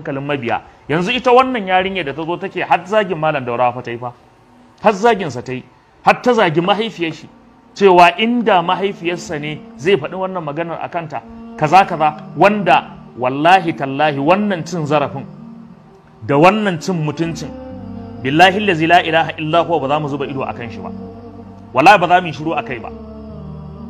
hankalin mabiya yanzu ita wannan yarinyar da ta zo take har zagin malam daura fa ta yi fa har zagin sa ta yi har ta zagi mahaifiyar shi cewa inda mahaifiyarsa ne zai faɗi wannan maganar a kanta kaza kaza wanda wallahi tallahi wannan cin zarafin da wannan cin mutuncin billahi la ilaha illa ba za mu zuba ido akan shi ba wala ba za mu shiru akai ba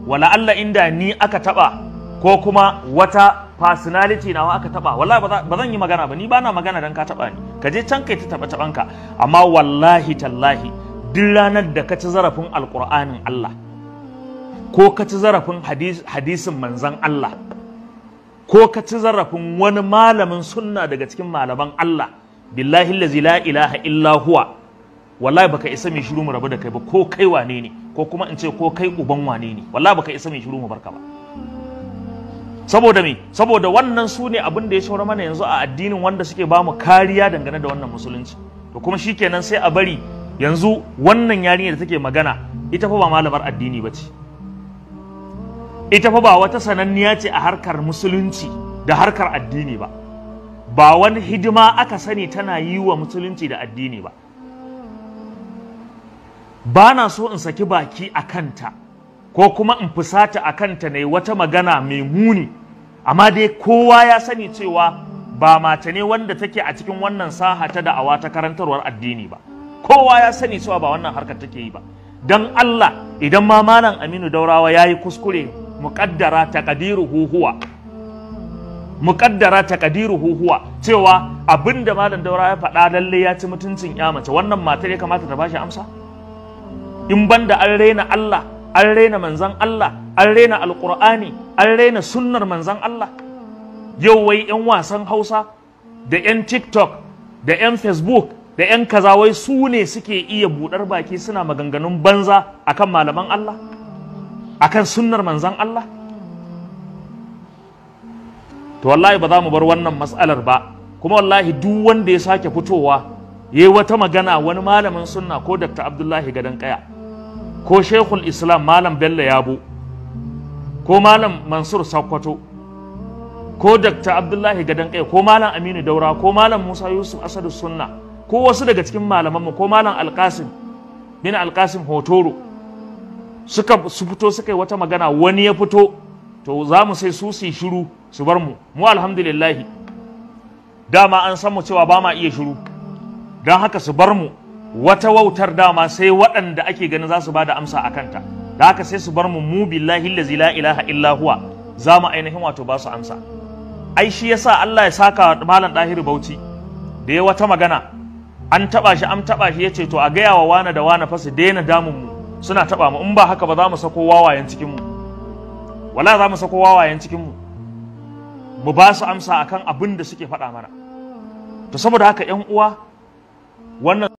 wala Allah inda ni aka taba ko kuma wata personality nawa aka taba wallahi ba zan yi magana ba ni ba na magana dan ka taba ni ka je can kai ta taba taban ka amma wallahi tallahi duk ranar da ka ci zarafin alqur'anin Allah ko ka ci zarafin hadisin Manzan Allah ko ka ci zarafin wani malamin sunna daga cikin malaman Allah billahi allazi la ilaha illa huwa wallahi baka isa mai shiru mu rabu da kai ba ko kai wane ne ko kuma in ce ko kai uban wane ne wallahi baka isa mai shiru mu barka ba saboda me saboda wannan su ne abin da ya shaura mana yanzu a addinin wanda suke ba mu kariya dangane da wannan musulunci to kuma shikenan sai a bari yanzu wannan yarinya da take magana ita fa ba malamar addini ba ce ita fa ba wata sananniya ce a harkar musulunci da harkar addini ba ba wani hidima aka sani tana yi wa musulunci da addini ba ba na so in saki baki a kanta ko kuma in fusata a kanta ne wata magana mai muni amma dai kowa ya sani cewa ba mace ne wanda take a cikin wannan saha ta da'awa ta karantarwar addini ba kowa ya sani cewa ba wannan harkar take yi ba Don Allah idan ma malam Aminu Daurawa ya yi kuskure ta muqaddara huhuwa. muƙaddara ta taqdiruhu huhuwa. cewa abinda malam daura ya faɗa lalle ya ci mutuncin ya mace wannan matar ya kamata ta bashi amsa in banda an raina Allah an raina manzon Allah an raina alƙur'ani an raina sunnar manzan Allah yau wai 'yan wasan hausa da 'yan tiktok da 'yan facebook da 'yan kazawai su ne suke iya buɗar baki suna maganganun banza akan malaman Allah akan sunnar manzan Allah to wallahi ba za mu bar wannan matsalar ba kuma wallahi duk wanda ya sake fitowa ya yi wata magana wani malamin sunna ko dr abdullahi gadon kaya ko shekul islam malam bello yabo ko malam mansur sakkwato ko dakta abdullahi gadon kai ko malam aminu daura ko malam musa yusuf asadu sunna ko wasu daga cikin malamanmu ko malam alkasim bin alkasim hotoro suka su fito suka yi wata magana wani ya fito to za mu sai su su shiru su bar mu mu alhamdulillahi dama an san mu cewa ba ma iya shiru don haka su bar mu wata wautar dama sai waɗanda ake ganin za su ba da amsa a kanta. da haka sai su bar mu mu billahi allazi la ilaha illa huwa za mu ainihin wato ba su amsa ai shi yasa Allah ya saka malam Dahiru Bauchi da ya wata magana an taba shi an taba shi yace to a gaya wa wana da wana fa su daina damun mu suna taba mu in ba haka ba za mu sako wawayen cikin mu wala za mu sako wawayen cikin mu mu ba su amsa akan abin da suke faɗa mana to saboda haka 'yan uwa wannan